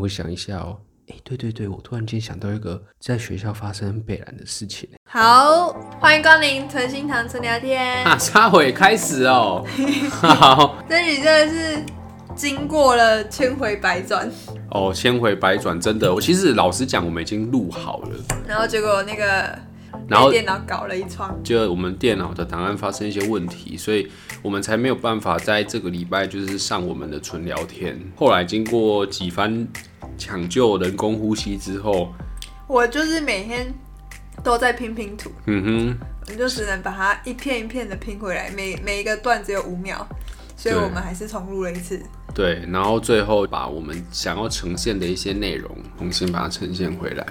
我想一下哦，哎、欸，對對對，我突然間想到一個在學校發生很北爛的事情。好，歡迎光臨存心堂存聊天。那沙會開始哦。 好，這集真的是經過了千回百轉。哦，千回百轉，真的。我其實老實講，我們已經錄好了。 然後結果那個。然後電腦搞了一串，就我們電腦的檔案發生一些問題，所以我們才沒有辦法在這個禮拜就是上我們的存聊天。後來經過幾番搶救、人工呼吸之後，我就是每天都在拼拼圖。嗯哼，你就只能把它一片一片的拼回來，每每一個段只有五秒，所以我們還是重錄了一次對。對，然後最後把我們想要呈現的一些內容重新把它呈現回來。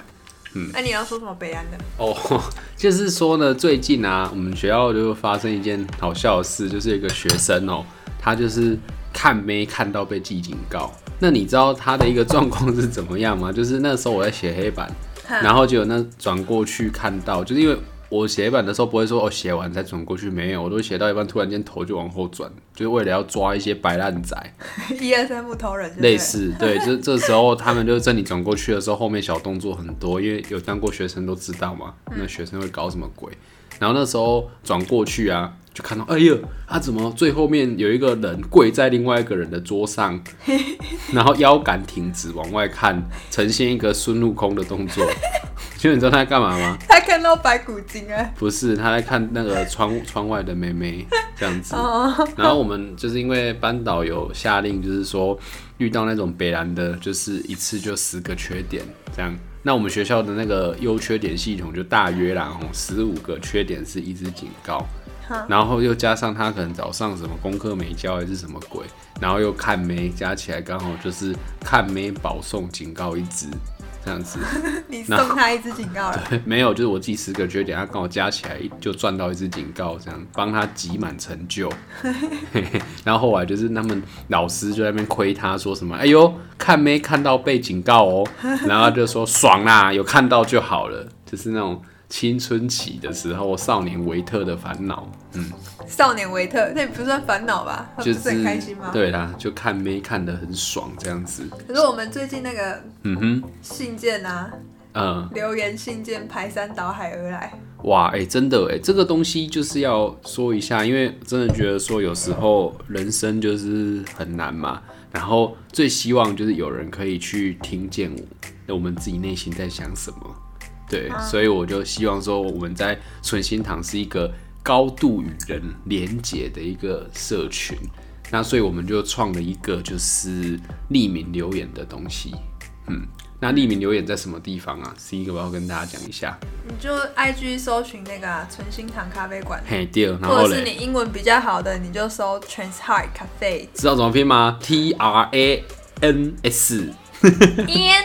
嗯，那、啊、你要說什麼悲哀的？哦、oh,，就是說呢，最近啊，我們學校就發生一件好笑的事，就是一個學生哦、喔，他就是看沒看到被記警告。那你知道他的一個狀況是怎麼樣嗎？就是那時候我在寫黑板，嗯、然後就有那轉過去看到，就是因為。我寫板的時候不會說，我、哦、寫完再轉過去。沒有，我都寫到一半，突然間頭就往後轉，就是為了要抓一些白爛仔。一二三，木頭人。類似，對，就這，這時候他們就趁你轉過去的時候，後面小動作很多，因為有當過學生都知道嘛，那學生會搞什麼鬼。然後那時候轉過去啊，就看到，哎呦，他、啊、怎麼最後面有一個人跪在另外一個人的桌上， 然後腰桿挺直往外看，呈現一個孫悟空的動作。其實你知道他在幹嘛嗎？他看到白骨精哎，不是，他在看那個窗 窗外的妹妹這樣子。然後我們就是因為班導有下令，就是說遇到那種北蘭的，就是一次就十個缺點這樣。那我們學校的那個優缺點系統就大約啦，十五個缺點是一支警告。然後又加上他可能早上什麼功課沒交還是什麼鬼，然後又看妹，加起來剛好就是看妹保送警告一支。這樣子，你送他一支警告了對？沒有，就是我幾十個缺點，他剛好加起來就賺到一支警告，這樣幫他集滿成就。 然後後來就是他們老師就在那邊虧他，說什麼：“哎呦，看沒看到被警告哦？”然後就說：“ 爽啦、啊，有看到就好了。”就是那種。青春期的時候，《少年維特的煩惱》。嗯，少年維特，那也不算煩惱吧？就是很開心嗎？就是、對啦，就看沒看得很爽這樣子。可是我們最近那個，嗯哼，信件啊，嗯、呃，留言信件排山倒海而來。哇，哎、欸，真的哎、欸，這個東西就是要說一下，因為真的覺得說有時候人生就是很難嘛。然後最希望就是有人可以去聽見我，那我們自己內心在想什麼。對、啊，所以我就希望說，我們在存心堂是一個高度與人連接的一個社群。那所以我們就創了一個就是匿名留言的東西。嗯，那匿名留言在什麼地方啊？是一個我要跟大家講一下。你就 IG 搜尋那個啊、存心堂咖啡館。嘿、hey,，對，然後或者是你英文比較好的，你就搜 Trans High Cafe。知道怎麼拼嗎？T R A N S,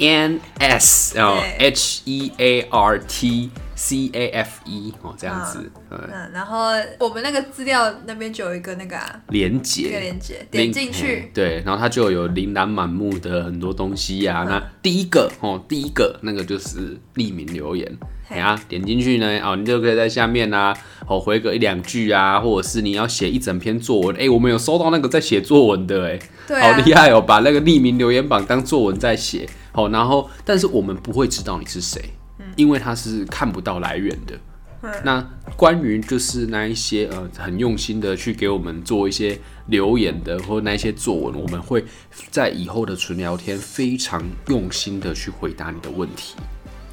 N S 哦、oh, H E A R T C A F E 哦、oh、這樣子、啊，嗯，然後我們那個資料那邊就有一個那個、啊、連結，一個連結點進去、欸，對，然後它就有琳琅滿目的很多東西呀、啊嗯。那第一個哦、oh，第一個那個就是匿名留言，哎呀、欸啊，點進去呢，哦、oh，你就可以在下面啊哦，oh, 回個一兩句啊，或者是你要寫一整篇作文。哎、欸，我們有收到那個在寫作文的、欸，哎，對、啊，好厲害哦，把那個匿名留言板當作文在寫。好，然後但是我們不會知道你是誰、嗯，因為他是看不到來源的。嗯、那關於就是那一些呃很用心的去給我們做一些留言的，或那一些作文，我們會在以後的存聊天非常用心的去回答你的問題。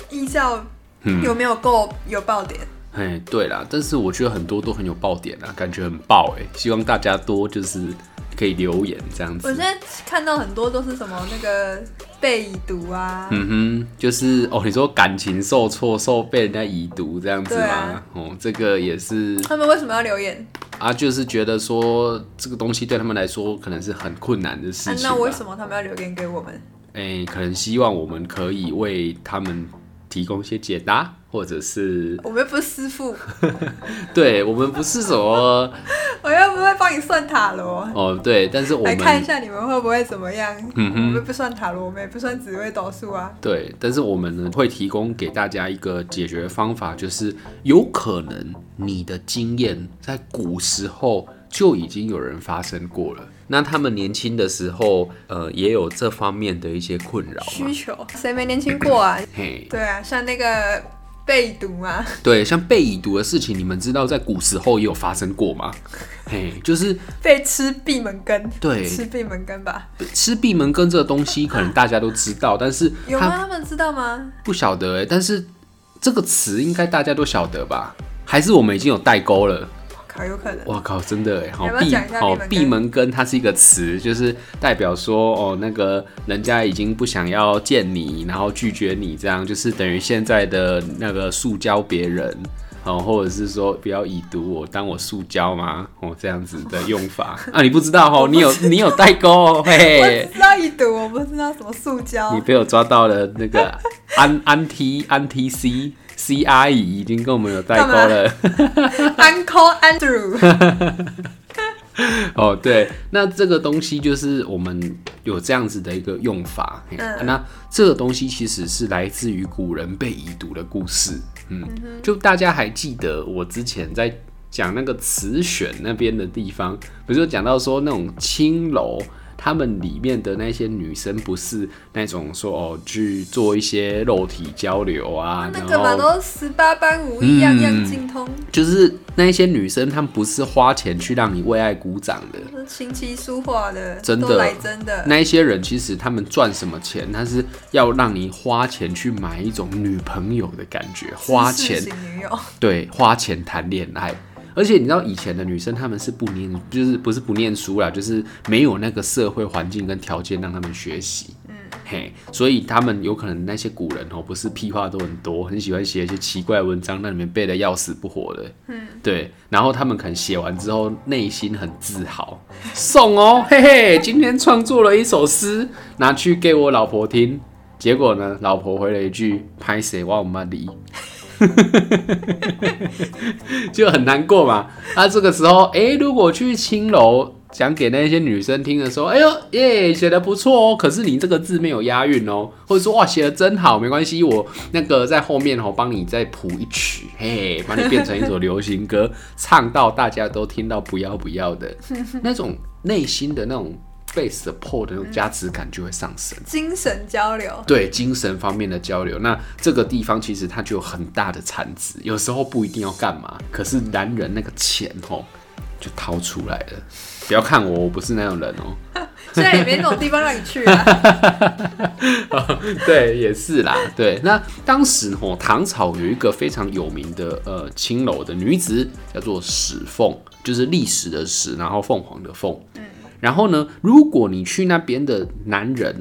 音效有沒有夠有爆點？哎、嗯，對啦，但是我覺得很多都很有爆點啊，感覺很爆哎、欸，希望大家多就是。可以留言這樣子。我現在看到很多都是什麼那個被已讀啊，嗯哼，就是哦，你說感情受挫受被人家已讀這樣子嗎、啊？哦，這個也是。他們為什麼要留言？啊，就是覺得說這個東西對他們來說可能是很困難的事情、啊。那為什麼他們要留言給我們？誒、欸，可能希望我們可以為他們提供一些解答。或者是我們又不是師傅， 對，我們不是什麼， 我又不會幫你算塔羅哦。對，但是我們來看一下你們會不會怎麼樣？嗯哼，我們不算塔羅，我們也不算紫微斗數啊。對，但是我們呢會提供給大家一個解決方法，就是有可能你的經驗在古時候就已經有人發生過了。那他們年輕的時候，呃，也有這方面的一些困擾需求，誰沒年輕過啊？咳咳 hey. 對啊，像那個。被毒啊，對，像被已讀的事情，你們知道在古時候也有發生過嗎？嘿，就是被吃閉門羹，對，吃閉門羹吧。吃閉門羹這個東西，可能大家都知道， 但是有嗎？他們知道嗎？不曉得哎、欸，但是這個詞應該大家都曉得吧？還是我們已經有代溝了？還有可能，我靠，真的，然閉哦，閉門羹它是一個詞，就是代表說哦，那個人家已經不想要見你，然後拒絕你，這樣就是等於現在的那個塑膠別人，哦，或者是說不要已讀我，當我塑膠嗎？哦，這樣子的用法啊，你不知道哦、喔，你有，你有代溝，嘿嘿，我知道已讀，我不知道什麼塑膠，你被我抓到了。那個安 安 t 安 t c C 阿姨已經跟我們有代溝了。 Uncle Andrew 。 哦，對，那這個東西就是我們有這樣子的一個用法。嗯啊，那這個東西其實是來自於古人被已讀的故事。嗯，嗯，就大家還記得我之前在講那個詞選那邊的地方，比如說講到說那種青樓。他們裡面的那些女生不是那種說哦，去做一些肉體交流啊。那那個嘛，然後，都十八般武藝樣樣精通，嗯，就是那一些女生，她們不是花錢去讓你為愛鼓掌的，琴棋書畫的，真的，真的，那一些人其實他們賺什麼錢，他是要讓你花錢去買一種女朋友的感覺，花錢，對，花錢談戀愛。而且你知道以前的女生她們是不念，就是不是不念書啦，就是沒有那個社會環境跟條件讓他們學習，嗯，嘿，所以他們有可能那些古人哦、喔，不是屁話都很多，很喜歡寫一些奇怪文章，那裡面背的要死不活的，嗯，對，然後他們可能寫完之後內心很自豪，送哦、喔，嘿嘿，今天創作了一首詩，拿去給我老婆聽，結果呢，老婆回了一句歹勢，我無要理。 就很難過嘛。那、啊、這個時候，欸、如果去青樓講給那些女生聽的時候，哎呦耶，寫得不錯哦、喔。可是你這個字沒有押韻哦、喔，或者說哇，寫得真好，沒關係，我那個在後面哦、喔，幫你再譜一曲，嘿，把你變成一首流行歌，唱到大家都聽到不要不要的那種內心的那種。被 support 的那種加持感就會上升、嗯，精神交流對精神方面的交流，那這個地方其實它就有很大的產值。有時候不一定要幹嘛，可是男人那個錢哦、喔，就掏出來了。不要看我，我不是那種人哦、喔。現在也沒那種地方讓你去啊。 對，也是啦。對，那當時哦、喔，唐朝有一個非常有名的呃青樓的女子，叫做史鳳，就是歷史的史，然後鳳凰的鳳。嗯然後呢，如果你去那邊的男人，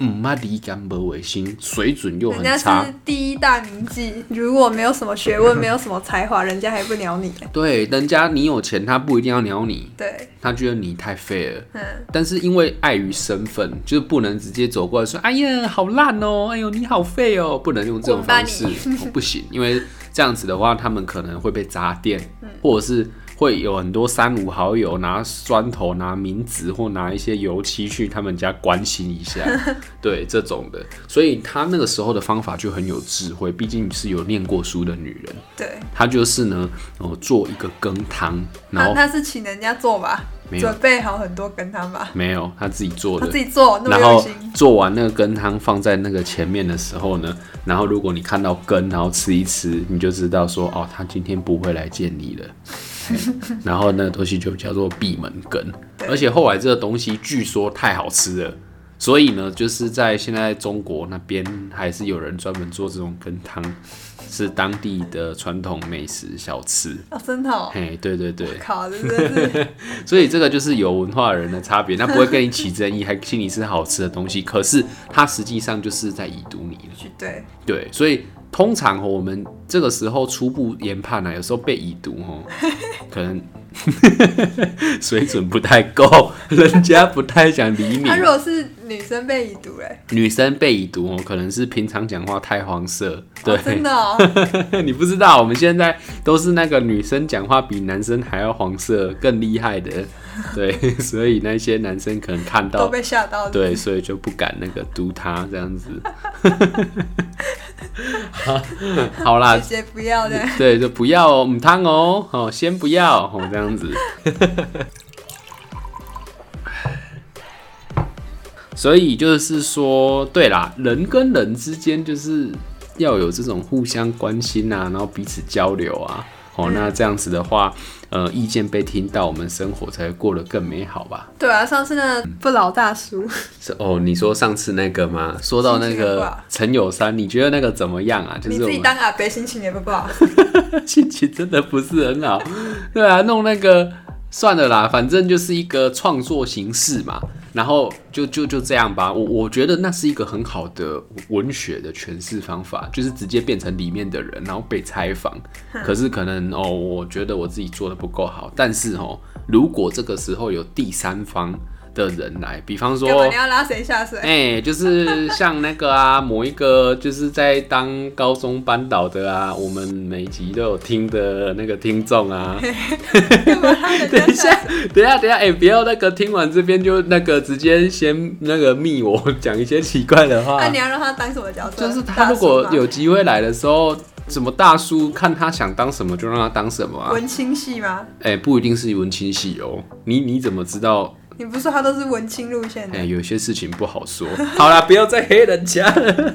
嗯，邋裡乾不衛生，水準又很差。人家是第一大名妓，如果沒有什麼學問，沒有什麼才華，人家還不鳥你。對，人家你有錢，他不一定要鳥你。對，他覺得你太廢了、嗯。但是因為礙於身份，就是不能直接走過來說：“哎呀，好爛哦！”“哎呦，你好廢哦！”不能用這種方式， oh, 不行，因為這樣子的話，他們可能會被砸店、嗯，或者是。會有很多三五好友拿磚頭、拿名紙或拿一些油漆去他們家關心一下， 對這種的，所以他那個時候的方法就很有智慧，畢竟是有念過書的女人。對，她就是呢，哦，做一個羹湯，然後、啊、他是請人家做吧？沒有，準備好很多羹湯吧？沒有，他自己做的。她自己做，那麼用心。然後，做完那個羹湯放在那個前面的時候呢，然後如果你看到羹，然後吃一吃，你就知道說，哦，他今天不會來見你了。 然後那個東西就叫做閉門羹，而且後來這個東西據說太好吃了，所以呢，就是在現在中國那邊還是有人專門做這種羹湯，是當地的傳統美食小吃哦，真的？哦，嘿，對對對，卡，真的。 所以這個就是有文化人的差別，那不會跟你起爭議，還請你吃好吃的東西，可是他實際上就是在已讀你了，對對，所以。通常哦，我們這個時候初步研判呢、啊，有時候被已讀哦，可能 水準不太夠，人家不太想理你。他如果是。女生被已讀、欸、女生被已讀哦、喔，可能是平常講話太黃色，啊、對，真的，喔， 你不知道，我們現在都是那個女生講話比男生還要黃色更厲害的，對，所以那些男生可能看到都被嚇到是不是，對，所以就不敢那個讀他這樣子。 好，好啦，先不要的，對，就不要哦、喔，唔湯哦，哦，先不要哦，這樣子。所以就是說，對啦，人跟人之間就是要有這種互相關心啊，然後彼此交流啊，哦、喔，那這樣子的話，呃，意見被聽到，我們生活才會過得更美好吧？對啊，上次那個不老大叔是、嗯、哦，你說上次那個嗎？說到那個陳有三，你覺得那個怎麼樣啊？就是你自己當阿伯，心情也不不好，心情真的不是很好。對啊，弄那，那個算了啦，反正就是一個創作形式嘛。然後就就就這樣吧，我我覺得那是一個很好的文學的詮釋方法，就是直接變成裡面的人，然後被採訪。可是可能哦，我覺得我自己做得不夠好，但是哦，如果這個時候有第三方。的人來，比方說，我要拉誰下水？哎、欸，就是像那個啊， 某一個就是在當高中班導的啊，我們每集都有聽的那個聽眾啊。 等一下，等一下，等一下，哎，不要那個聽完這邊就那個直接先那個密我講一些奇怪的話。那、啊、你要讓他當什麼角色？就是他如果有機會來的時候，怎麼大叔看他想當什麼就讓他當什麼啊？文青系嗎？哎、欸，不一定是一文青系哦。你你怎麼知道？你不是說他都是文青路線的？哎、欸，有些事情不好說。 好啦，不要再黑人家了。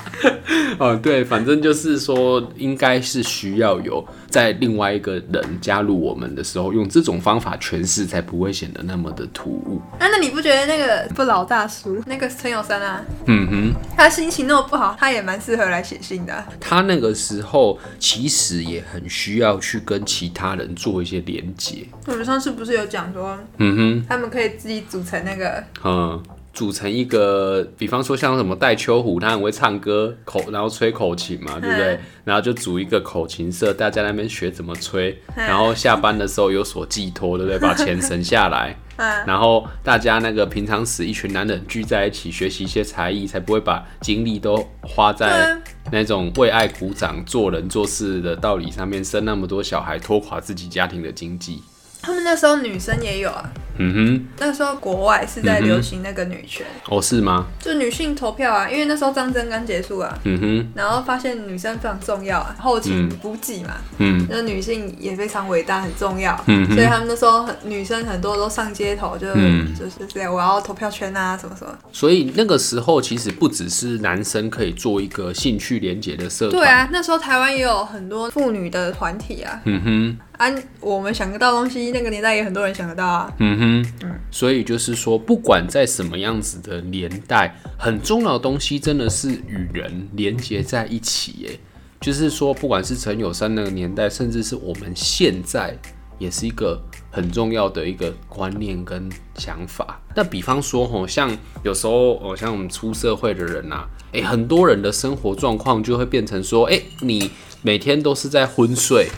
哦，對，反正就是說，應該是需要有在另外一個人加入我們的時候，用這種方法詮釋，才不會顯得那麼的突兀。哎、啊，那你不覺得那個不老大叔，嗯、那個陳有三啊？嗯哼，他心情那麼不好，他也蠻適合來寫信的、啊。他那個時候其實也很需要去跟其他人做一些連接。我們上次不是有講說，嗯哼，他們。可以自己組成那個，嗯，組成一個，比方說像什麼戴秋虎，他很會唱歌口，然後吹口琴嘛、嗯，對不對？然後就組一個口琴社，大家那邊學怎麼吹、嗯，然後下班的時候有所寄托、嗯，對不對？把錢省下來、嗯，然後大家那個平常時一群男人聚在一起學習一些才藝，才不會把精力都花在那種為愛鼓掌、做人做事的道理上面，生那麼多小孩拖垮自己家庭的經濟。他們那時候女生也有啊，嗯哼，那時候國外是在流行那個女權、嗯、哦，是嗎？就女性投票啊，因為那時候戰爭剛結束啊，嗯哼，然後發現女生非常重要啊，後勤補給嘛，嗯，那、嗯、女性也非常偉大，很重要，嗯，所以他們那時候很女生很多都上街頭就，就、嗯、就是這樣，我要投票權啊，什麼什麼。所以那個時候其實不只是男生可以做一個興趣聯結的社團，對啊，那時候台灣也有很多婦女的團體啊，嗯哼。啊，我們想得到的東西，那個年代也很多人想得到啊。嗯哼，嗯，所以就是說，不管在什麼樣子的年代，很重要的東西真的是與人連接在一起。哎，就是說，不管是陳有三那個年代，甚至是我們現在，也是一個很重要的一個觀念跟想法。但比方說，吼，像有時候，像我們出社會的人啊、欸，很多人的生活狀況就會變成說、欸，你每天都是在昏睡。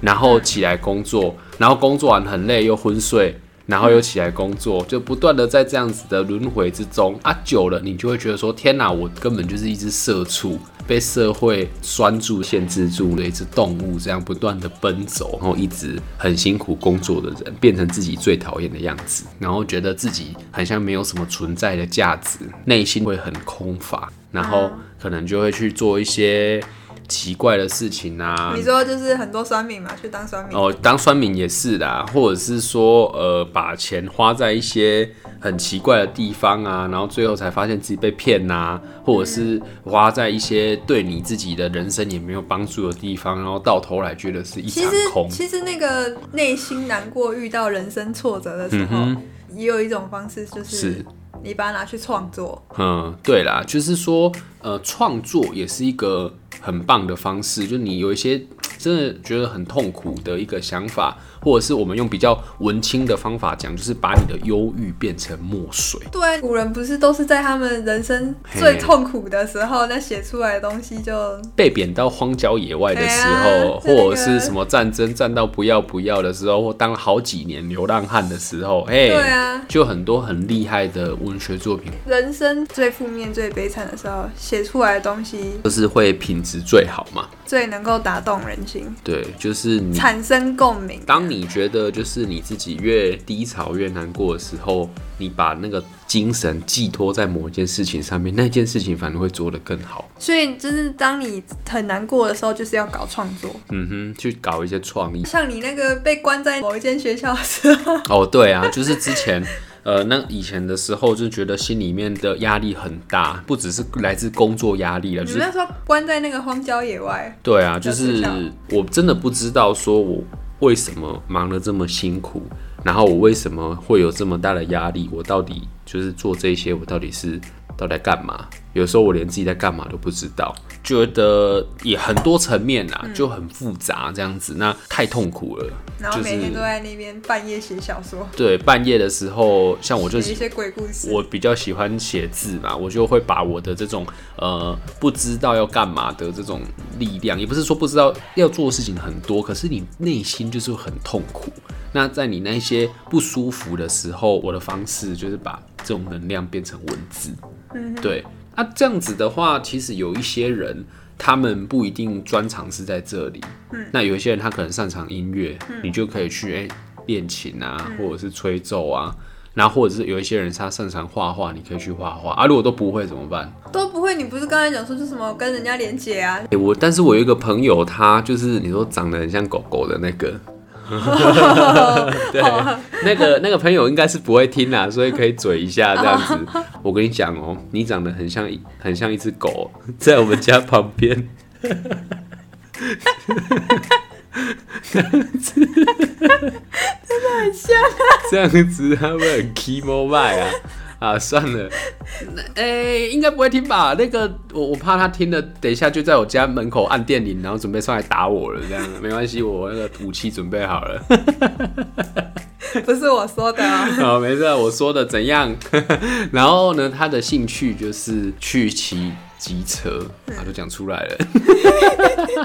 然後起來工作，然後工作完很累又昏睡，然後又起來工作，就不斷的在這樣子的輪迴之中啊，久了你就會覺得說：天哪，我根本就是一隻社畜，被社會拴住、限制住了一隻動物，這樣不斷的奔走，然後一直很辛苦工作的人，變成自己最討厭的樣子，然後覺得自己很像沒有什麼存在的價值，內心會很空乏，然後可能就會去做一些。奇怪的事情啊！你說就是很多酸民嘛，去當酸民哦，當酸民也是的，或者是說呃，把錢花在一些很奇怪的地方啊，然後最後才發現自己被騙吶、啊，或者是花在一些對你自己的人生也沒有幫助的地方，然後到頭來覺得是一場空。其實，其實那個內心難過、遇到人生挫折的時候，嗯，也有一種方式就是你把它拿去創作。嗯，對啦，就是說呃，創作也是一個。很棒的方式，就你有一些真的覺得很痛苦的一個想法。或者是我們用比較文青的方法講，就是把你的憂鬱變成墨水。對，古人不是都是在他們人生最痛苦的時候，hey, 那寫出來的東西就被貶到荒郊野外的時候、hey 啊，或者是什麼戰爭戰到不要不要的時候，這個、或當好幾年流浪漢的時候，哎、hey, hey,，對啊，就很多很厲害的文學作品。人生最負面、最悲慘的時候寫出來的東西，就是會品質最好嘛，最能夠打動人心。對，就是你產生共鳴。當你覺得就是你自己越低潮越難過的時候，你把那個精神寄托在某一件事情上面，那件事情反而會做得更好。所以就是當你很難過的時候，就是要搞創作，嗯哼，去搞一些創意。像你那個被關在某一間學校的時候，哦、oh，對啊，就是之前， 呃，那以前的時候就覺得心裡面的壓力很大，不只是來自工作壓力了。就是、你那時候關在那個荒郊野外，對啊，就是我真的不知道說我。為什麼忙得這麼辛苦？然後我為什麼會有這麼大的壓力？我到底就是做這些，我到底是到底幹嘛？有時候我連自己在幹嘛都不知道，覺得也很多層面啊，就很複雜這樣子，那太痛苦了。然後每天都在那邊半夜寫小說。對，半夜的時候，像我就是寫一些鬼故事。我比較喜歡寫字嘛，我就會把我的這種呃不知道要幹嘛的這種力量，也不是說不知道要做的事情很多，可是你內心就是很痛苦。那在你那些不舒服的時候，我的方式就是把這種能量變成文字。嗯，對。那、啊、這樣子的話，其實有一些人，他們不一定專長是在這裡。嗯、那有一些人，他可能擅長音樂、嗯，你就可以去練琴啊、嗯，或者是吹奏啊。那或者是有一些人，他擅長畫畫，你可以去畫畫啊。如果都不會怎麼辦？都不會，你不是剛才講說是什麼跟人家連接啊、欸？我，但是我有一個朋友，他就是你說長得很像狗狗的那個。 對，oh, oh, oh, oh. 那個那個朋友應該是不會聽啦，所以可以嘴一下這樣子。我跟你講哦、喔，你長得很像很像一隻狗，在我們家旁邊， 這樣子真的很像，這樣子他們很起毛 bai 啊。啊，算了，那、欸、哎，應該不會聽吧？那個，我我怕他聽了，等一下就在我家門口按電鈴，然後準備上來打我了。這樣沒關係，我那個武器準備好了。 不是我說的啊，沒事，我說的怎樣？ 然後呢，他的興趣就是去騎。機車，啊，就講出來了。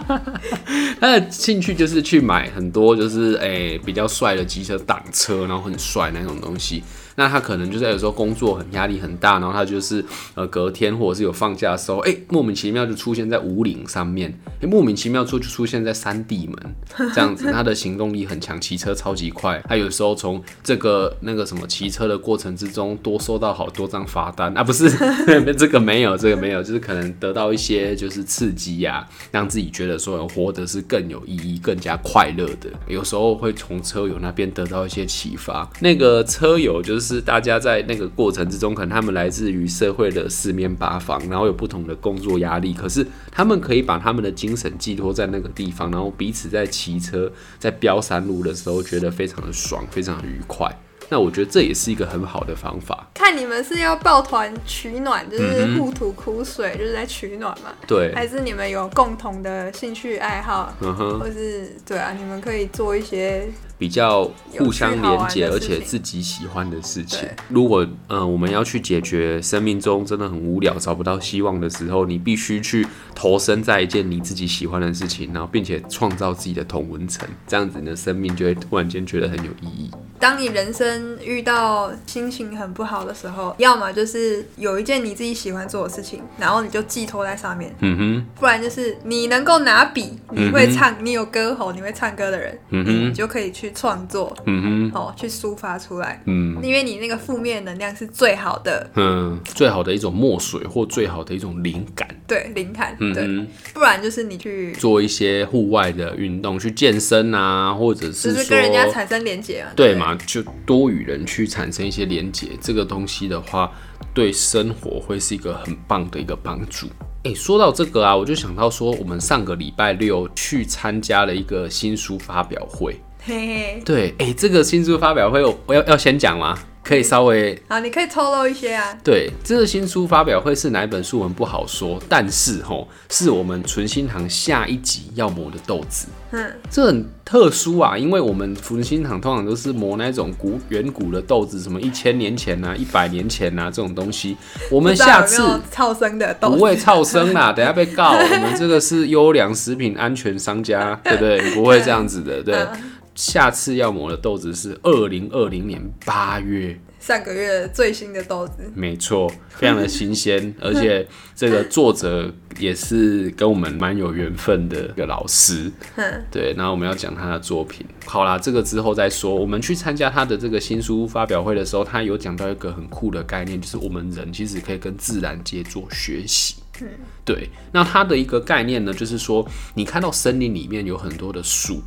他的興趣就是去買很多，就是哎、欸、比較帥的機車擋車，然後很帥那種東西。那他可能就是有時候工作很壓力很大，然後他就是呃隔天或者是有放假的時候，哎、欸、莫名其妙就出現在武嶺上面，哎、欸、莫名其妙出就出現在三地門這樣子。他的行動力很強，騎車超級快。他有時候從這個那個什麼騎車的過程之中，多收到好多張罰單啊，不是 這個沒有，這個沒有就是。可能得到一些就是刺激呀、啊，讓自己覺得說活得是更有意義、更加快樂的。有時候會從車友那邊得到一些啟發。那個車友就是大家在那個過程之中，可能他們來自於社會的四面八方，然後有不同的工作壓力，可是他們可以把他們的精神寄托在那個地方，然後彼此在騎車、在飆山路的時候，覺得非常的爽，非常的愉快。那我覺得這也是一個很好的方法。看你們是要抱團取暖，就是互吐苦水、嗯，就是在取暖嘛？對。還是你們有共同的興趣愛好，嗯、哼，或是對啊，你們可以做一些比較互相連接，而且自己喜歡的事情。如果嗯，我們要去解決生命中真的很無聊、找不到希望的時候，你必須去投身在一件你自己喜歡的事情，然後並且創造自己的同溫層，這樣子你的生命就會突然間覺得很有意義。當你人生遇到心情很不好的時候，要麼就是有一件你自己喜歡做的事情，然後你就寄託在上面。嗯哼，不然就是你能夠拿筆，你會唱、嗯，你有歌喉，你會唱歌的人，嗯哼，你就可以去創作，嗯哼，哦、喔，去抒發出來，嗯哼，因為你那個負面能量是最好的，嗯，最好的一種墨水或最好的一種靈感，對，靈感，對、嗯，不然就是你去做一些戶外的運動，去健身啊，或者是、就是、跟人家產生連結啊，對嘛。就多與人去產生一些連接，這個東西的話，對生活會是一個很棒的一個幫助。誒，說到這個啊，我就想到說，我們上個禮拜六去參加了一個新書發表會。嘿，對，誒，這個新書發表會，我要要先講嗎？可以稍微啊，你可以透露一些啊。對，這個新書發表會是哪一本書，我們不好說。但是吼，是我們存心堂下一集要磨的豆子。嗯，這很特殊啊，因為我們存心堂通常都是磨那種古遠古的豆子，什麼一千年前啊、一百年前啊 這種東西。我們下次超生的不會超生啦，等下被告，我們這個是優良食品安全商家， 對不對，對？不會這樣子的，對。嗯下次要磨的豆子是二零二零年八月，上個月最新的豆子，沒錯，非常的新鮮， 而且這個作者也是跟我們蠻有緣分的一個老師。 對，那我們要講他的作品。好啦，這個之後再說。我們去參加他的這個新書發表會的時候，他有講到一個很酷的概念，就是我們人其實可以跟自然界做學習。嗯，對，那他的一個概念呢，就是說你看到森林裡面有很多的樹。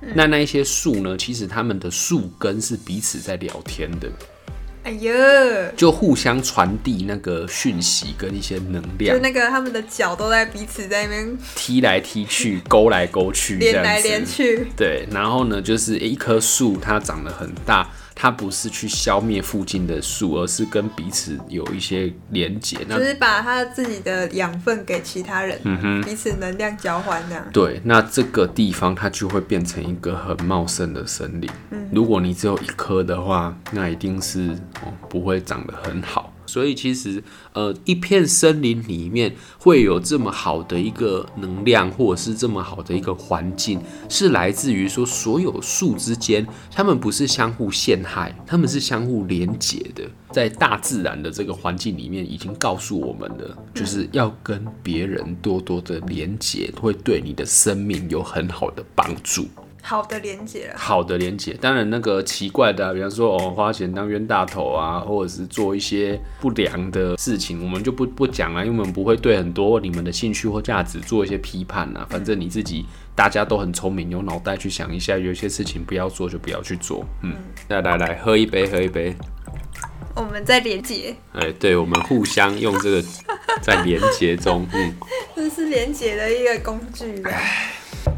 那那一些樹呢，其實他們的樹根是彼此在聊天的，哎呀，就互相傳遞那個訊息跟一些能量。就那個他們的腳都在彼此在那邊踢來踢去、勾來勾去、連來連去。對，然後呢，就是一棵樹它長得很大。它不是去消滅附近的樹，而是跟彼此有一些連接。就是把它自己的養分給其他人，嗯哼，彼此能量交換呢、啊。對，那這個地方它就會變成一個很茂盛的森林。嗯、如果你只有一棵的話，那一定是、哦、不會長得很好。所以，其實，呃，一片森林裡面會有這麼好的一個能量，或者是這麼好的一個環境，是來自於說，所有樹之間，它們不是相互陷害，他們是相互連接的。在大自然的這個環境裡面，已經告訴我們了，就是要跟別人多多的連接，會對你的生命有很好的幫助。好的連接，好的連接。當然，那個奇怪的、啊，比方說，我、哦、花錢當冤大頭啊，或者是做一些不良的事情，我們就不不講了，因為我們不會對很多你們的興趣或價值做一些批判啊。反正你自己，大家都很聰明，有腦袋去想一下，有些事情不要做就不要去做。嗯，再、嗯、來來喝一杯，喝一杯。我們在連接。哎、欸，對，我們互相用這個在連接中，嗯，這是連接的一個工具。哎，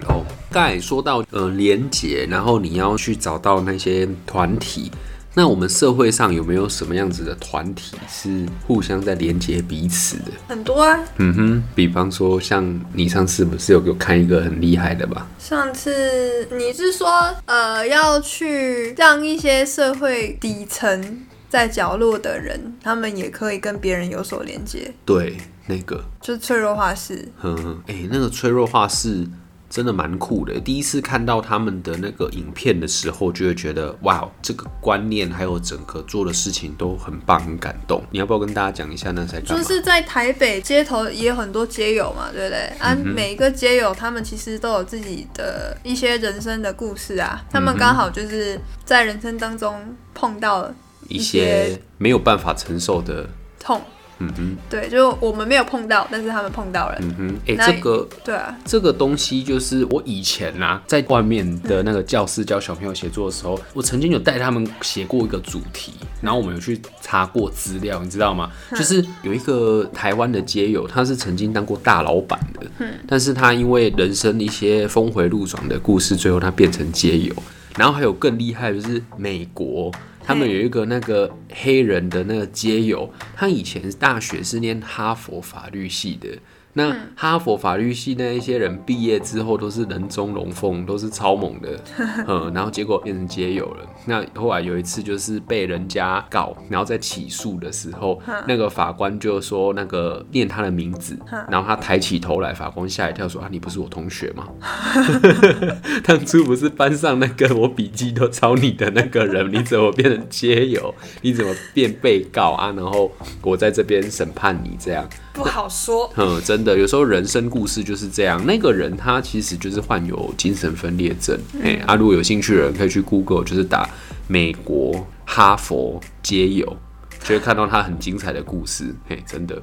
哦、oh.。剛才說到呃連接，然後你要去找到那些團體。那我們社會上有沒有什麼樣子的團體是互相在連接彼此的？很多啊，嗯哼，比方說像你上次不是有給我看一個很厲害的吧？上次你是說呃要去讓一些社會底層在角落的人，他們也可以跟別人有所連接。對，那個就是脆弱化室。嗯，誒、欸，那個脆弱化室。真的蠻酷的。第一次看到他們的那個影片的時候，就會覺得哇，這個觀念還有整個做的事情都很棒，很感動。你要不要跟大家講一下那在幹嘛？就是在台北街頭也有很多街友嘛，對不對？嗯、啊，每一個街友他們其實都有自己的一些人生的故事啊。嗯、他們剛好就是在人生當中碰到了一些，一些沒有辦法承受的痛。嗯哼，對，就我們沒有碰到，但是他們碰到了。嗯哼，哎、欸，這個，對啊，這個東西就是我以前吶、啊，在外面的那個教室、嗯、教小朋友寫作的時候，我曾經有帶他們寫過一個主題，然後我們有去查過資料，你知道嗎？嗯、就是有一個台灣的街友，他是曾經當過大老闆的，嗯，但是他因為人生一些峰回路轉的故事，最後他變成街友，然後還有更厲害的就是美國。他們有一個那個黑人的那個街友，他以前大學是念哈佛法律系的。那哈佛法律系那一些人畢業之後都是人中龍鳳，都是超猛的， 嗯，然後結果變成街友了。那後來有一次就是被人家告，然後在起訴的時候， 那個法官就說那個念他的名字， 然後他抬起頭來，法官嚇一跳說啊，你不是我同學嗎？ 當初不是班上那個我筆記都抄你的那個人，你怎麼變成街友？你怎麼變被告啊？然後我在這邊審判你這樣。不好說，嗯，真的，有時候人生故事就是這樣。那個人他其實就是患有精神分裂症，誒、嗯欸，啊，如果有興趣的人可以去 Google，就是打美國哈佛街友，就會看到他很精彩的故事，嘿、欸，真的。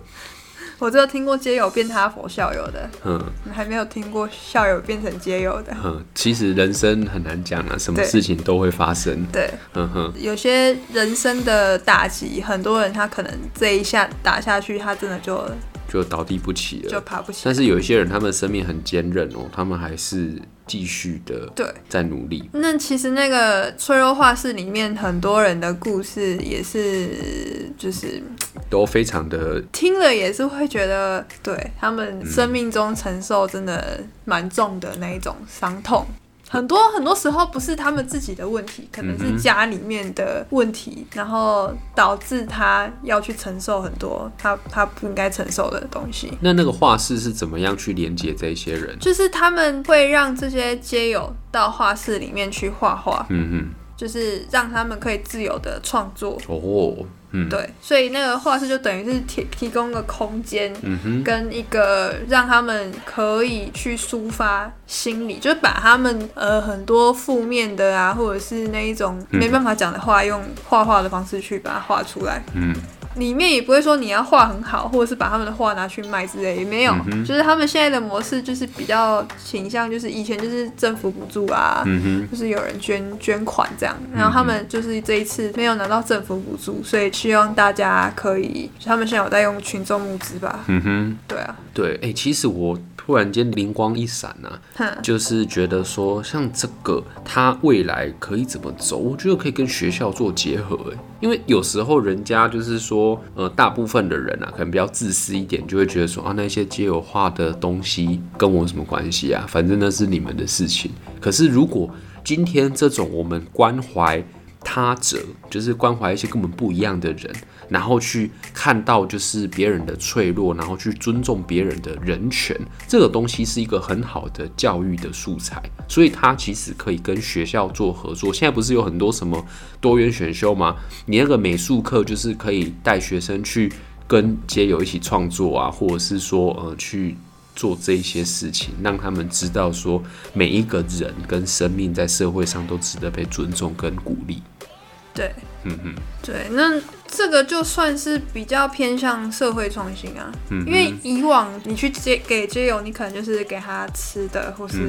我只有聽過街友變哈佛校友的，嗯，還沒有聽過校友變成街友的，嗯，其實人生很難講啊，什麼事情都會發生，對，嗯哼、嗯嗯，有些人生的打擊，很多人他可能這一下打下去，他真的就。就倒地不起了，就爬不起。但是有一些人，他們生命很堅韌哦，他們還是繼續的對，在努力。那其實那個脆弱化室裡面很多人的故事，也是就是都非常的聽了，也是會覺得對他們生命中承受真的蠻重的那一種傷痛。很多很多時候不是他們自己的問題，可能是家裡面的問題，嗯、然後導致他要去承受很多他他不應該承受的東西。那那個畫室是怎麼樣去連接這些人？就是他們會讓這些街友到畫室裡面去畫畫，嗯嗯，就是讓他們可以自由地創作。哦，哦。嗯，對，所以那個畫室就等於是提提供一個空間、嗯哼，跟一個讓他們可以去抒發心理，就是把他們呃很多負面的啊，或者是那一種沒辦法講的話，用畫畫的方式去把它畫出來，嗯。嗯裡面也不會說你要畫很好，或者是把他們的畫拿去賣之類的，也沒有、嗯。就是他們現在的模式就是比較傾向，就是以前就是政府補助啊、嗯哼，就是有人捐捐款這樣。然後他們就是這一次沒有拿到政府補助，嗯，所以希望大家可以，他們現在有在用群眾募資吧。嗯哼，對啊，對，哎、欸，其實我突然間靈光一閃啊，就是覺得說像這個，他未來可以怎麼走？我覺得可以跟學校做結合，哎。因為有時候人家就是說，呃，大部分的人啊，可能比較自私一點，就會覺得說，啊，那些街友化的東西跟我有什麼關係啊？反正那是你們的事情。可是如果今天這種我們關懷他者，就是關懷一些根本不一樣的人。然後去看到就是別人的脆弱，然後去尊重別人的人權，這個東西是一個很好的教育的素材，所以它其實可以跟學校做合作。現在不是有很多什麼多元選修嗎？你那個美術課就是可以帶學生去跟街友一起創作啊，或者是說呃去做這些事情，讓他們知道說每一個人跟生命在社會上都值得被尊重跟鼓勵。對，嗯嗯，對，那。這個就算是比較偏向社會創新啊、嗯，因為以往你去接給街友，你可能就是給他吃的，或是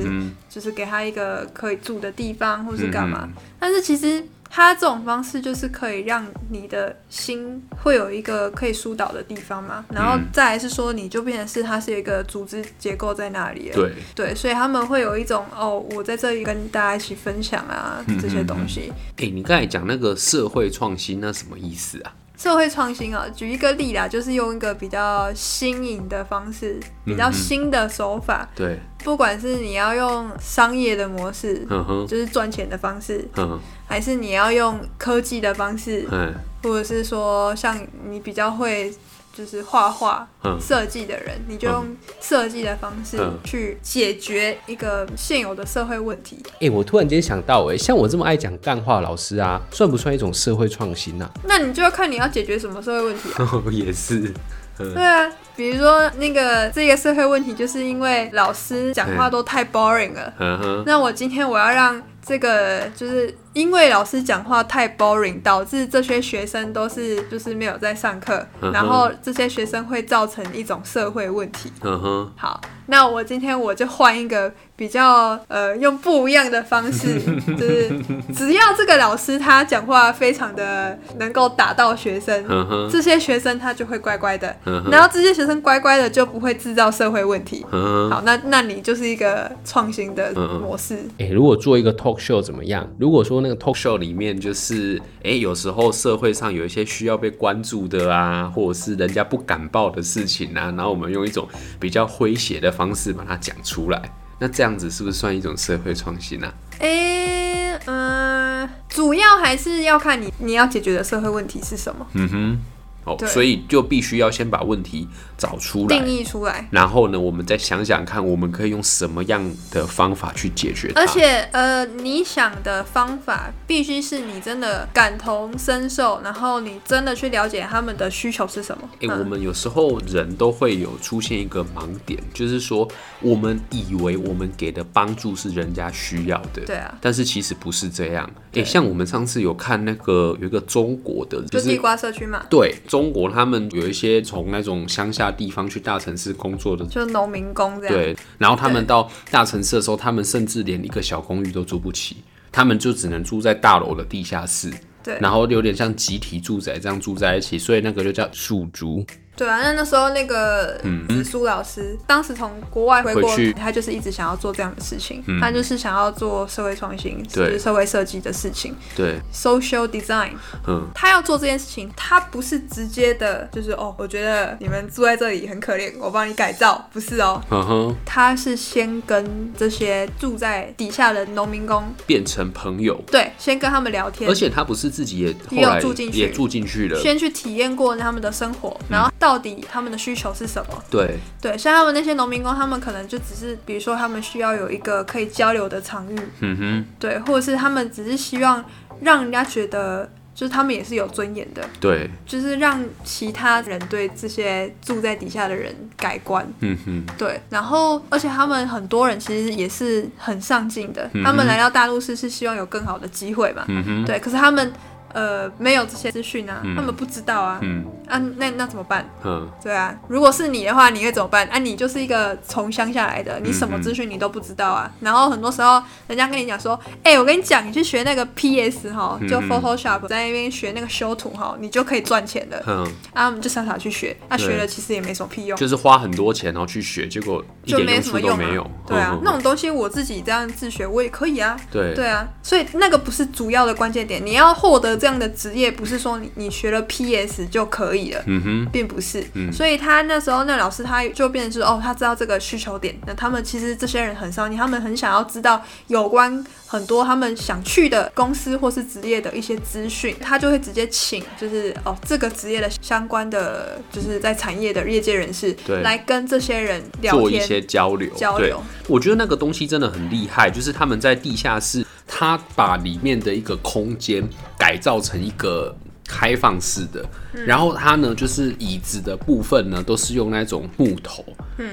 就是給他一個可以住的地方，或是幹嘛、嗯。但是其實。它這種方式就是可以讓你的心會有一個可以疏導的地方嘛，然後再來是說你就變成是它是一個組織結構在那裡，嗯、對對，所以他們會有一種哦，我在這裡跟大家一起分享啊這些東西。誒、嗯嗯嗯欸，你剛才講那個社會創新，那什麼意思啊？社會創新啊、哦，舉一個例啊，就是用一個比較新穎的方式，比較新的手法。嗯嗯、對，不管是你要用商業的模式，呵呵就是賺錢的方式呵呵，還是你要用科技的方式，呵呵或者是說像你比較會，就是畫畫、設計的人、嗯，你就用設計的方式去解決一個現有的社會問題。哎、欸，我突然間想到，哎，像我這麼愛講幹話的老師啊，算不算一種社會創新啊？那你就要看你要解決什麼社會問題啊。哦、也是、嗯。對啊，比如說那個這個社會問題，就是因為老師講話都太 boring 了、嗯嗯。那我今天我要讓。這個就是因為老師講話太 boring，導致這些學生都是就是沒有在上課，uh -huh. 然後這些學生會造成一種社會問題。嗯哼。好，那我今天我就換一個比較呃用不一樣的方式， 就是只要這個老師他講話非常的能夠打到學生，uh -huh. 這些學生他就會乖乖的，uh -huh. 然後這些學生乖乖的就不會制造社會問題。嗯、uh -huh.。好，那那你就是一個創新的模式。哎、uh -huh. 欸，如果做一個 talk。show 怎麼樣？如果說那個 talk show 裡面就是，誒、欸，有時候社會上有一些需要被關注的啊，或者是人家不敢報的事情啊，然後我們用一種比較詼諧的方式把它講出來，那這樣子是不是算一種社會創新呢、啊？誒、欸，嗯、呃，主要還是要看你你要解決的社會問題是什麼。嗯哼。所以就必須要先把問題找出來、定義出來，然後呢，我們再想想看，我們可以用什麼樣的方法去解決。而且，呃，你想的方法必須是你真的感同身受，然後你真的去了解他們的需求是什麼。哎，嗯，欸，我們有時候人都會有出現一個盲點，就是說我們以為我們給的幫助是人家需要的，對啊，但是其實不是這樣。欸、像我們上次有看那個有一個中國的，就是就地瓜社區嘛。對，中國他們有一些從那種鄉下地方去大城市工作的，就是農民工這樣。對，然後他們到大城市的時候，他們甚至連一個小公寓都租不起，他們就只能住在大樓的地下室。對，然後有點像集體住宅這樣住在一起，所以那個就叫鼠族。對啊，那那時候那個蘇老師、嗯，當時從國外回國回，他就是一直想要做這樣的事情，嗯，他就是想要做社會創新，就是社會設計的事情，對，social design，嗯，他要做這件事情，他不是直接的，就是哦，我覺得你們住在這裡很可憐，我幫你改造，不是哦。呵呵，他是先跟這些住在底下的農民工變成朋友，對，先跟他們聊天，而且他不是自己也也有住進去，也住進去的先去體驗過他們的生活，嗯，然後到。到底他們的需求是什麼？對，對，像他們那些農民工，他們可能就只是，比如說，他們需要有一個可以交流的場域。嗯哼。對，或者是他們只是希望讓人家覺得，就是他們也是有尊嚴的。對。就是讓其他人對這些住在底下的人改觀。嗯哼。對，然後，而且他們很多人其實也是很上進的、嗯，他們來到大陸是是希望有更好的機會嘛。嗯哼。對，可是他們。呃，沒有這些資訊啊、嗯，他們不知道啊，嗯，啊、那那怎麼辦？嗯，對啊，如果是你的話，你會怎麼辦？啊，你就是一個從鄉下來的，你什麼資訊你都不知道啊。嗯嗯、然後很多時候，人家跟你講說，哎、欸，我跟你講，你去學那個 PS 哈、嗯，就 Photoshop、嗯、在那邊學那個修圖哈，你就可以賺錢的。嗯，啊，我們就傻傻去學，那、啊、學了其實也沒什麼屁用，就是花很多錢然後去學，結果一點用，就沒，什麼用、啊、沒有對、啊、嗯。對啊，那種東西我自己這樣自學我也可以啊。對，對啊，所以那個不是主要的關鍵點，你要獲得。這樣的職業不是說你學了 PS 就可以了，嗯哼，並不是，嗯，所以他那時候那老師他就變成說哦，他知道這個需求點，那他們其實這些人很上進，他們很想要知道有關很多他們想去的公司或是職業的一些資訊，他就會直接請就是哦這個職業的相關的就是在產業的業界人士對，來跟這些人聊天做一些交流交流對，我覺得那個東西真的很厲害，就是他們在地下室。他把裡面的一個空間改造成一個開放式的。然後他呢，就是椅子的部分呢，都是用那種木頭。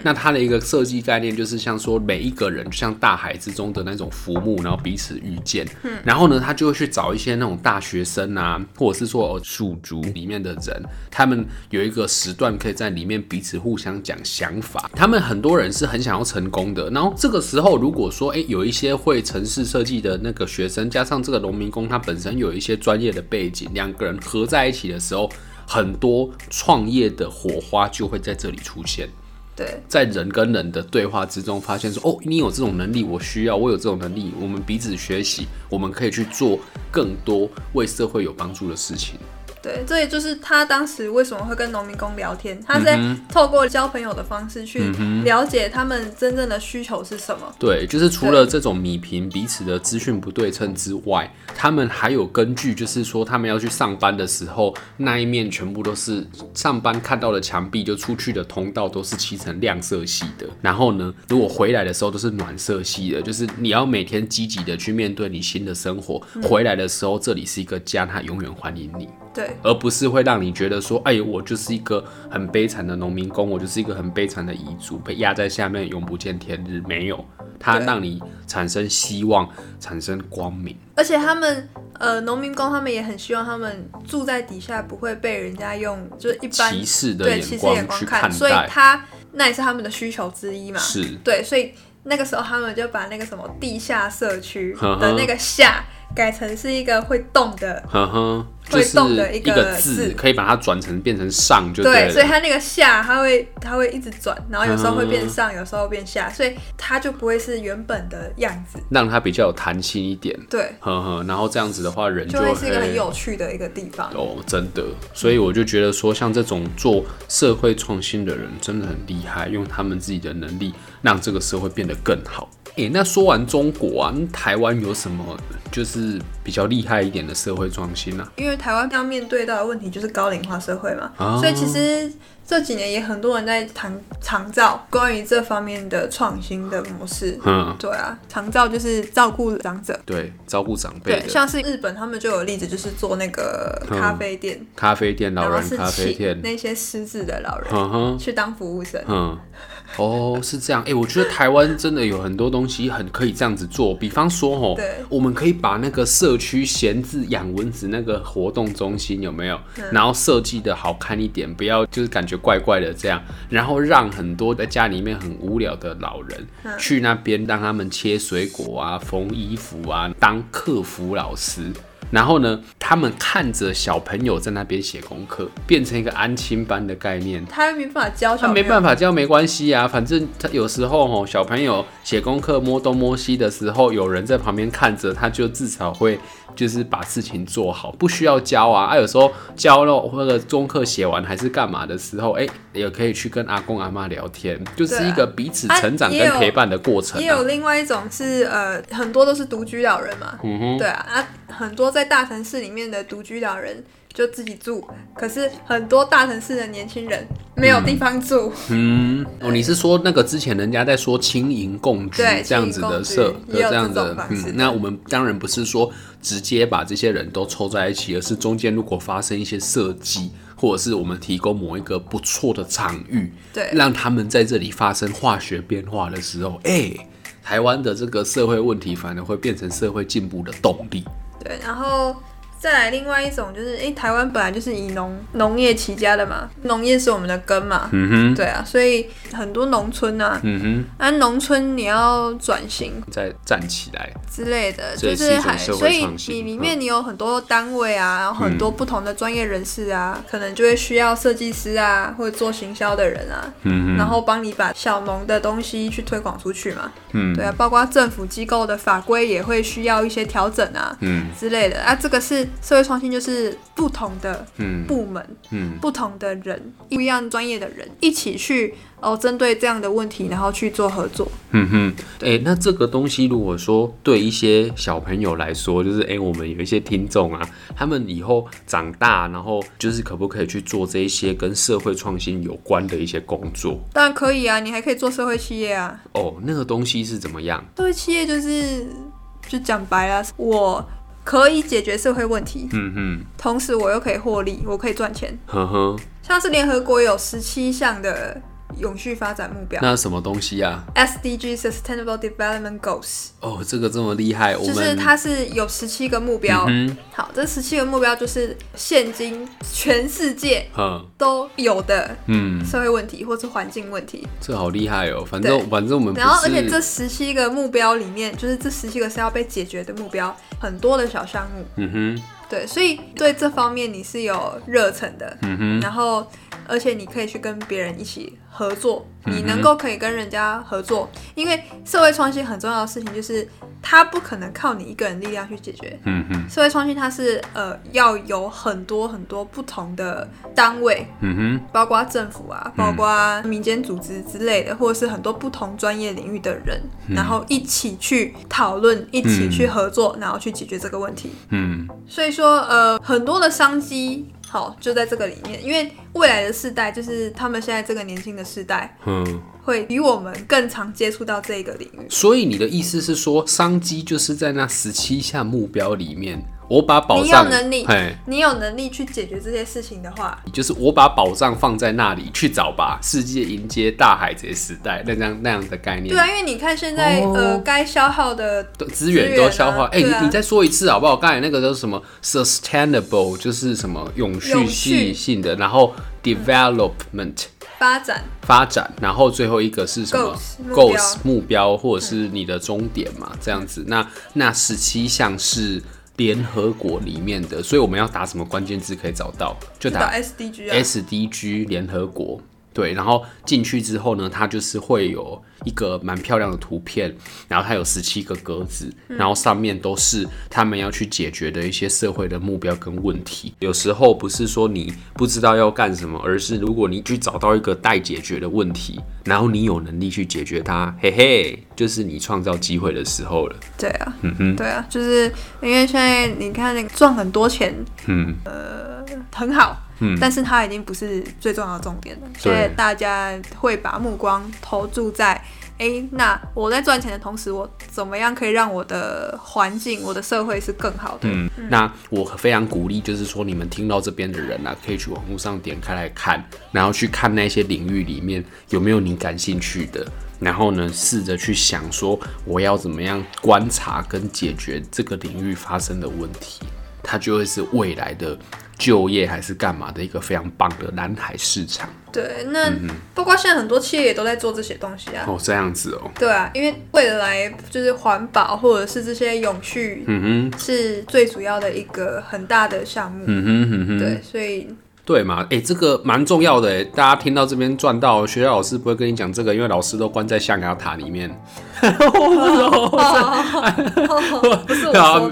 那他的一個設計概念就是，像說每一個人就像大海之中的那種浮木，然後彼此遇見。然後呢，他就會去找一些那種大學生啊，或者是說鼠族裡面的人，他們有一個時段可以在裡面彼此互相講想法。他們很多人是很想要成功的。然後這個時候，如果說哎，有一些會城市設計的那個學生，加上這個農民工，他本身有一些專業的背景，兩個人合在一起的時候。很多創業的火花就會在這裡出現。對，在人跟人的對話之中，發現說：“哦，你有這種能力，我需要；我有這種能力，我們彼此學習，我們可以去做更多為社會有幫助的事情。”對，所以就是他當時為什麼會跟農民工聊天？他在透過交朋友的方式去了解他們真正的需求是什麼？嗯、對，就是除了這種弭平彼此的資訊不對稱之外，他們還有根據，就是說他們要去上班的時候，那一面全部都是上班看到的牆壁，就出去的通道都是漆成亮色系的。然後呢，如果回來的時候都是暖色系的，就是你要每天積極的去面對你新的生活。回來的時候，這裡是一個家，它永遠歡迎你。對，而不是會讓你覺得說，哎，我就是一個很悲慘的農民工，我就是一個很悲慘的蟻族，被壓在下面永不見天日。沒有，它讓你產生希望，產生光明。而且他們，呃，農民工他們也很希望他們住在底下不會被人家用就是一般歧視的眼光去看，光看，所以他那也是他們的需求之一嘛。是。對，所以那個時候他們就把那個什麼地下社區的那個下，呵呵改成是一個會動的，呵呵，會動的一個字，可以把它轉成變成上就，就對，所以它那個下，它會它會一直轉，然後有時候會變上，呵呵，有時候變下，所以它就不會是原本的樣子，讓它比較有彈性一點，對，呵呵，然後這樣子的話，人就會，就會是一個很有趣的一個地方哦，真的，所以我就覺得說，像這種做社會創新的人真的很厲害，嗯，用他們自己的能力讓這個社會變得更好。哎，欸，那說完中國啊，台灣有什麼就是？是比較厲害一點的社會創新啊，因為台灣要面對到的問題就是高齡化社會嘛。哦，所以其實這幾年也很多人在談長照，關於這方面的創新的模式。嗯，對啊，長照就是照顧長者，對，照顧長輩。對，像是日本他們就有例子，就是做那個咖啡店，咖啡店老人咖啡店那些失智的老人去當服務生。嗯。嗯哦，是這樣哎、欸，我覺得台灣真的有很多東西很可以這樣子做，比方說，吼，我們可以把那個社區閒置養蚊子那個活動中心有沒有，然後設計得好看一點，不要就是感覺怪怪的這樣，然後讓很多在家裡面很無聊的老人去那邊，讓他們切水果啊、縫衣服啊、當客服老師。然後呢，他們看着小朋友在那邊寫功課，變成一個安親班的概念。他沒辦法教，他、啊、沒辦法教沒關係啊，反正他有時候吼，小朋友寫功課摸東摸西的時候，有人在旁邊看着，他就至少會就是把事情做好，不需要教啊。哎、啊，有時候教了或者功課寫完還是幹嘛的時候，哎、欸，也可以去跟阿公阿嬤聊天，就是一個彼此成長跟陪伴的過程，啊啊也。也有另外一種是呃，很多都是獨居老人嘛，嗯哼，對啊，啊很多在。大城市裡面的獨居老人就自己住，可是很多大城市的年輕人沒有地方住嗯。嗯，哦，你是說那個之前人家在說青銀共居這樣子的社，這樣的。嗯，那我們當然不是說直接把這些人都湊在一起，而是中間如果發生一些設計，或者是我們提供某一個不錯的場域，對，讓他們在這裡發生化學變化的時候，哎、欸，台灣的這個社會問題反而會變成社會進步的動力。對，然後。再來另外一種就是，哎、欸，臺灣本來就是以農農業起家的嘛，農業是我們的根嘛，嗯哼，對啊，所以很多農村啊，嗯哼，啊，農村你要轉型、嗯，再站起來之類的，就是還，所以你裡面你有很多單位啊，然後很多不同的專業人士啊、嗯，可能就會需要設計師啊，或者做行銷的人啊，嗯然後幫你把小農的東西去推廣出去嘛，嗯，對啊，包括政府機構的法規也會需要一些調整啊，嗯，之類的啊，這個是。社會創新就是不同的部門嗯，嗯，不同的人，不一樣專業的人一起去哦，針對這樣的問題，然後去做合作。嗯哼，哎、嗯嗯欸，那這個東西如果說對一些小朋友來說，就是哎、欸，我們有一些聽眾啊，他們以後長大，然後就是可不可以去做這一些跟社會創新有關的一些工作？當然可以啊，你還可以做社會企業啊。哦，那個東西是怎麼樣？社會企業就是，就講白了，我。可以解決社會問題，嗯哼，同時我又可以獲利，我可以賺錢，呵呵，像是聯合國有十七項的。永續發展目標？那什麼東西呀？S D G Sustainable Development Goals。哦，這個這麼厲害，哦。就是它是有十七個目標。嗯，好，這十七個目標就是現今全世界都有的嗯社會問題或是環境問題。嗯、這好厲害哦！反正反正我們不然後而且這十七個目標裡面，就是這十七個是要被解決的目標，很多的小項目。嗯哼，對，所以對這方面你是有熱忱的。嗯哼，然後。而且你可以去跟別人一起合作，你能夠可以跟人家合作，嗯、因為社會創新很重要的事情就是它不可能靠你一個人力量去解決。嗯嗯，社會創新它是呃要有很多很多不同的單位，嗯哼，包括政府啊，包括民間組織之類的，或者是很多不同專業領域的人，嗯、然後一起去討論，一起去合作，嗯，然後去解決這個問題。嗯，所以說呃很多的商機好，就在這個裡面，因為。未來的世代就是他們現在這個年輕的世代，嗯，會比我們更常接觸到這個領域。所以你的意思是說，商機就是在那十七項目標裡面，我把寶藏你有能力，你有能力去解決這些事情的話，就是我把寶藏放在那裡去找吧。世界迎接大海賊時代那樣那樣的概念。對啊，因為你看現在、哦、呃，該消耗的資源、啊、源都消耗，哎、欸啊，你你再說一次好不好？剛才那個都是什麼 sustainable 就是什麼永續性的，性的然後。Development、嗯、發展發展，然後最後一個是什麼？Goals 目標, Goals, 目標或者是你的終點嘛、嗯？這樣子，那那十七項是聯合國裡面的，所以我們要打什麼關鍵字可以找到？就打 SDG、啊、SDG 聯合國。對，然後進去之後呢，它就是會有一個蠻漂亮的圖片，然後它有十七個格子、嗯，然後上面都是他們要去解決的一些社會的目標跟問題。有時候不是說你不知道要幹什麼，而是如果你去找到一個待解決的問題，然後你有能力去解決它，嘿嘿，就是你創造機會的時候了。對啊，嗯哼，對啊，就是因為現在你看你賺很多錢，嗯，呃，很好。嗯，但是它已經不是最重要的重點了，所以大家會把目光投注在，欸，那我在賺錢的同時，我怎麼樣可以讓我的環境、我的社會是更好的？嗯，那我非常鼓勵，就是說你們聽到這邊的人呢，可以去網絡上點開來看，然後去看那些領域裡面有沒有你感興趣的，然後呢，試着去想說我要怎麼樣觀察跟解決這個領域發生的問題，它就會是未來的。就業還是幹嘛的一個非常棒的藍海市場。對，那包括現在很多企業也都在做這些東西啊。嗯、哦，這樣子哦。對啊，因為未來就是環保或者是這些永續，嗯哼，是最主要的一個很大的項目。嗯哼,嗯哼,嗯哼，對，所以。對嘛？哎、欸，這個蠻重要的，大家聽到這邊賺到，學校老師不會跟你講這個，因為老師都關在象牙塔裡面。哦、 啊，不、啊啊啊啊啊、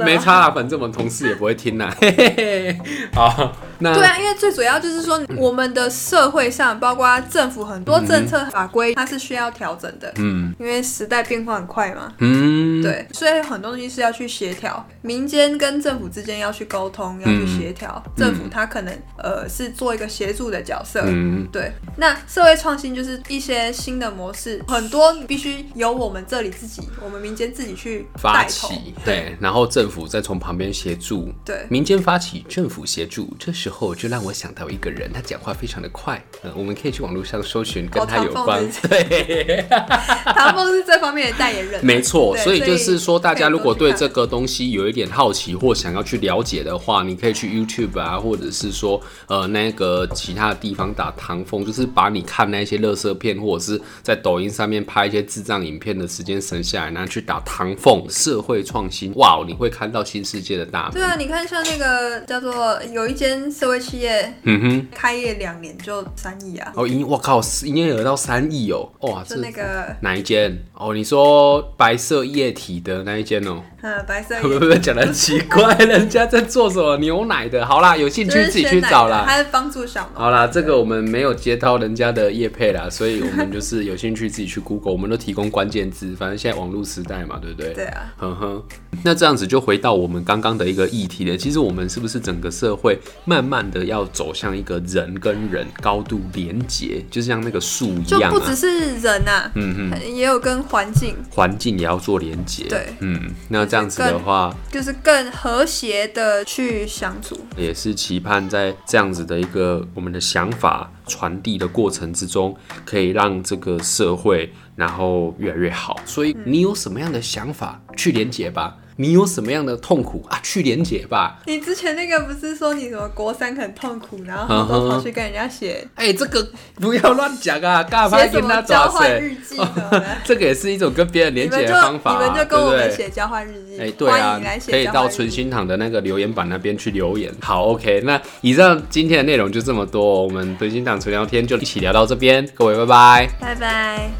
沒差啦、啊，反正我們同事也不會聽吶、啊，嘿嘿嘿，好。那對啊，因為最主要就是說、嗯，我們的社會上，包括政府很多政策法規、嗯，它是需要調整的。嗯，因為時代變化很快嘛。嗯，對，所以很多東西是要去協調，民間跟政府之間要去溝通，要去協調、嗯。政府它可能、嗯、呃是做一個協助的角色。嗯，對。那社會創新就是一些新的模式，很多必須由我們這裡自己，我們民間自己去發起對。對，然後政府再從旁邊協助。對，對民間發起，政府協助，這是。之後就讓我想到一個人，他講話非常的快，嗯，我們可以去網絡上搜尋跟他有關。哦，唐鳳是，對， 唐鳳是這方面的代言人。沒錯，所以就是說，大家如果對這個東西有一點好奇或想要去了解的話，你可以去 YouTube 啊，或者是說，呃，那個其他的地方打唐鳳，就是把你看那些垃圾片或者是在抖音上面拍一些智障影片的時間省下來，然後去打唐鳳社會創新，哇，你會看到新世界的大門。對啊，你看像那個叫做有一間。社會企業，嗯哼，開業兩年就三億啊！哦，營業，我靠，營業額到三億哦，哇，是那個是哪一間？哦，你說白色液體的那一間哦、喔。呃，白色不不不，講得奇怪， 人家在做什麼牛奶的？好啦，有興趣自己去找啦。還、就是幫助小農好啦，這個我們沒有接到人家的業配啦，所以我們就是有興趣自己去 Google， 我們都提供關鍵字，反正現在網絡時代嘛，對不對？對啊。嗯哼，那這樣子就回到我們剛剛的一個議題了。其實我們是不是整個社會慢慢的要走向一個人跟人高度連結，就像那個樹一樣、啊，就不只是人吶、啊，嗯嗯，也有跟環境，環境也要做連結。對，嗯，那。這樣子的話，就是更和諧的去相處，也是期盼在這樣子的一個我們的想法傳遞的過程之中，可以讓這個社會然後越來越好。所以你有什麼樣的想法去連結吧？你有什麼樣的痛苦啊？去連結吧。你之前那個不是說你什麼國三很痛苦，然後你都去跟人家寫？哎、嗯嗯嗯欸，這個不要亂講啊！寫跟他交換日記，哦、呵呵這個也是一種跟別人連結的方法，啊，你們就，你們就跟我們寫交換日記？哎、欸，對啊，可以到存心堂的那個留言板那邊去留言。好，OK，那以上今天的內容就這麼多，我們存心堂存聊天就一起聊到這邊，各位拜拜，拜拜。